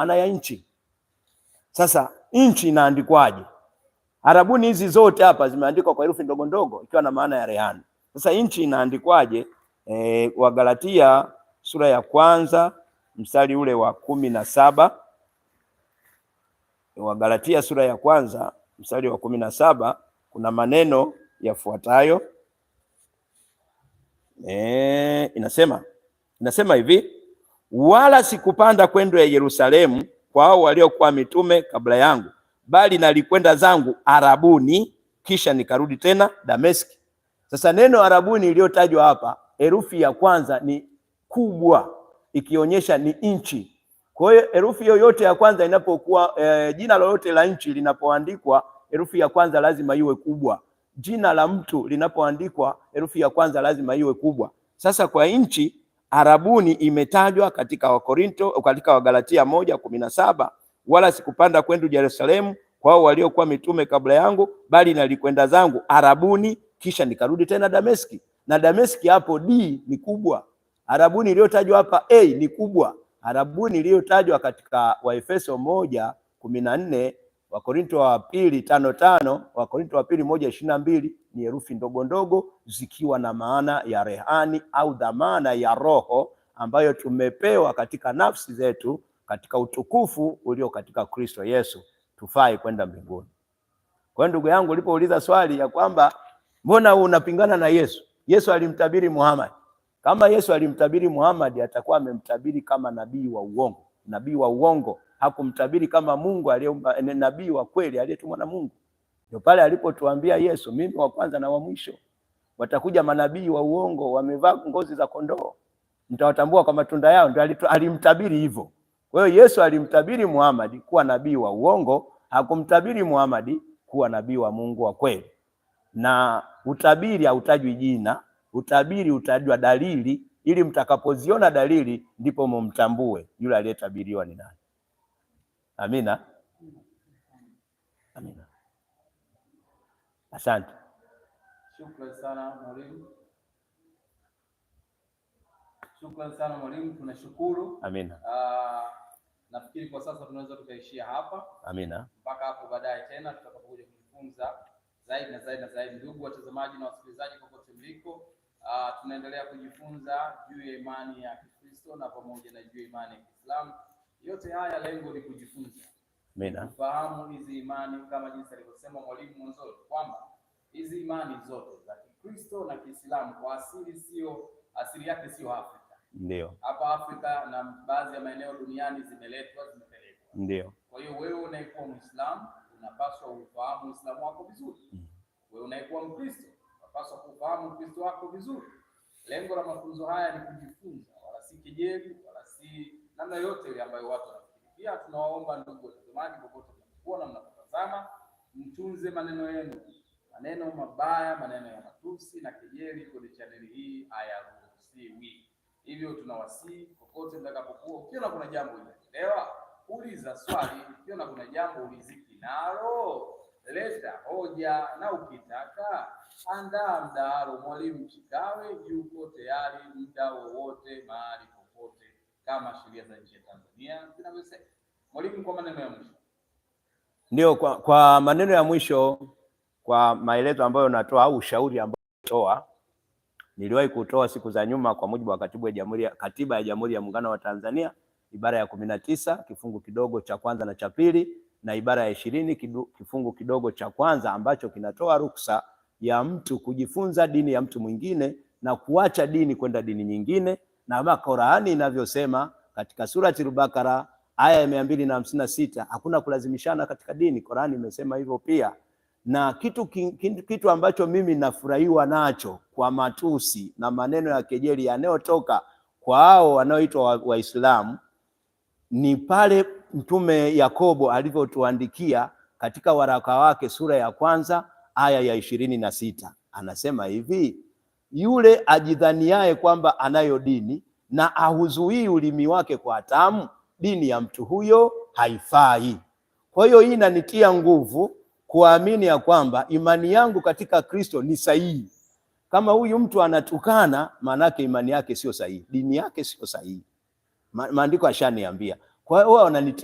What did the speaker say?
ana ya nchi. Sasa nchi inaandikwaje? Arabuni hizi zote hapa zimeandikwa kwa herufi ndogo ndogo ikiwa na maana ya rehani. Sasa nchi inaandikwaje? E, Wagalatia sura ya kwanza mstari ule wa kumi na saba e, Wagalatia sura ya kwanza mstari wa kumi na saba kuna maneno yafuatayo. E, inasema inasema hivi wala sikupanda kwendo ya Yerusalemu kwa hao waliokuwa mitume kabla yangu, bali nalikwenda zangu Arabuni, kisha nikarudi tena Dameski. Sasa neno Arabuni iliyotajwa hapa, herufi ya kwanza ni kubwa, ikionyesha ni nchi. Kwa hiyo herufi yoyote ya kwanza inapokuwa e, jina lolote la nchi linapoandikwa, herufi ya kwanza lazima iwe kubwa. Jina la mtu linapoandikwa, herufi ya kwanza lazima iwe kubwa. Sasa kwa nchi Arabuni imetajwa katika Wakorinto, katika Wagalatia moja kumi na saba wala sikupanda kwendu Yerusalemu kwao waliokuwa mitume kabla yangu, bali nalikwenda zangu Arabuni, kisha nikarudi tena Dameski. Na Dameski hapo D ni kubwa, Arabuni iliyotajwa hapa A ni kubwa, Arabuni iliyotajwa katika Waefeso moja kumi na nne Wakorinto wa pili tano tano, Wakorinto wa pili moja ishirini na mbili ni herufi ndogo ndogo zikiwa na maana ya rehani au dhamana ya roho ambayo tumepewa katika nafsi zetu katika utukufu ulio katika Kristo Yesu tufai kwenda mbinguni. Kwa ndugu yangu, ulipouliza swali ya kwamba mbona unapingana na Yesu, Yesu alimtabiri Muhammad. Kama Yesu alimtabiri Muhammad, atakuwa amemtabiri kama nabii wa uongo nabii wa uongo, hakumtabiri kama Mungu aliyeumba, eh, nabii wa kweli aliyetumwa na Mungu. Ndio pale alipotuambia Yesu, mimi wa kwanza na wa mwisho. Watakuja manabii wa uongo wamevaa ngozi za kondoo, mtawatambua kwa matunda yao. Ndio alimtabiri hivyo. Kwa hiyo Yesu alimtabiri Muhammad kuwa nabii wa uongo, hakumtabiri Muhammad kuwa nabii wa Mungu wa kweli. Na utabiri hautajwi jina, utabiri utajwa dalili ili mtakapoziona dalili ndipo mumtambue yule aliyetabiriwa ni nani. Amina, amina. Asante, shukrani sana mwalimu, shukrani sana mwalimu, tunashukuru. Amina. Uh, nafikiri kwa sasa tunaweza tukaishia hapa. Amina, mpaka hapo baadaye tena tutakapokuja kujifunza zaidi na zaidi na zaidi. Ndugu watazamaji na wasikilizaji, popote mliko Uh, tunaendelea kujifunza juu ya imani ya Kikristo na pamoja na juu ya imani ya Kiislamu. Yote haya lengo ni kujifunza. Amina. Kufahamu hizi imani kama jinsi alivyosema mwalimu mwanzoni kwamba hizi imani zote za Kikristo na Kiislamu kwa asili sio asili yake sio Afrika. Ndio. Hapa Afrika na baadhi ya maeneo duniani zimeletwa zimepelekwa. Ndio. Kwa hiyo wewe unayekuwa Muislamu unapaswa ufahamu Uislamu wako vizuri. Mm. Wewe unayekuwa Mkristo unapaswa kufahamu Kristo wako vizuri. Lengo la mafunzo haya ni kujifunza, wala si kejeli, wala si namna yote ile ambayo watu wanafikiri. Pia tunawaomba ndugu watazamaji, popote mnapokuona, mnapotazama, mtunze maneno yenu. Maneno mabaya, maneno ya matusi na kejeli kwenye chaneli hii hayaruhusiwi. Hivyo tunawasii popote mtakapokuwa, ukiona kuna jambo linaelewa, uliza swali. Ukiona kuna jambo uliziki nalo leta hoja na ukitaka andaa mdahalo. Mwalimu Chikawe yuko tayari muda wowote mahali popote, kama sheria za nchi ya Tanzania zinavyosema. Mwalimu, kwa maneno ya mwisho. Ndio, kwa, kwa maneno ya mwisho, kwa maelezo ambayo natoa au ushauri ambao natoa, niliwahi kutoa siku za nyuma, kwa mujibu wa katibu ya jamhuri, katiba ya Jamhuri ya Muungano wa Tanzania ibara ya kumi na tisa kifungu kidogo cha kwanza na cha pili na ibara ya ishirini kifungu kidogo cha kwanza ambacho kinatoa ruksa ya mtu kujifunza dini ya mtu mwingine na kuacha dini kwenda dini nyingine, na kama Qur'ani inavyosema katika surati Al-Baqara aya ya mia mbili na hamsini na sita hakuna kulazimishana katika dini. Qur'ani imesema hivyo pia, na kitu, kitu, kitu ambacho mimi nafurahiwa nacho kwa matusi na maneno ya kejeli yanayotoka kwa hao wanaoitwa Waislamu ni pale Mtume Yakobo alivyotuandikia katika waraka wake sura ya kwanza aya ya ishirini na sita anasema hivi: yule ajidhaniaye kwamba anayo dini na ahuzuii ulimi wake kwa tamu, dini ya mtu huyo haifai. Kwa hiyo hii inanitia nguvu kuamini ya kwamba imani yangu katika Kristo ni sahihi. Kama huyu mtu anatukana, maanake imani yake sio sahihi, dini yake sio sahihi. Maandiko ashaniambia. Kwa hiyo wananitia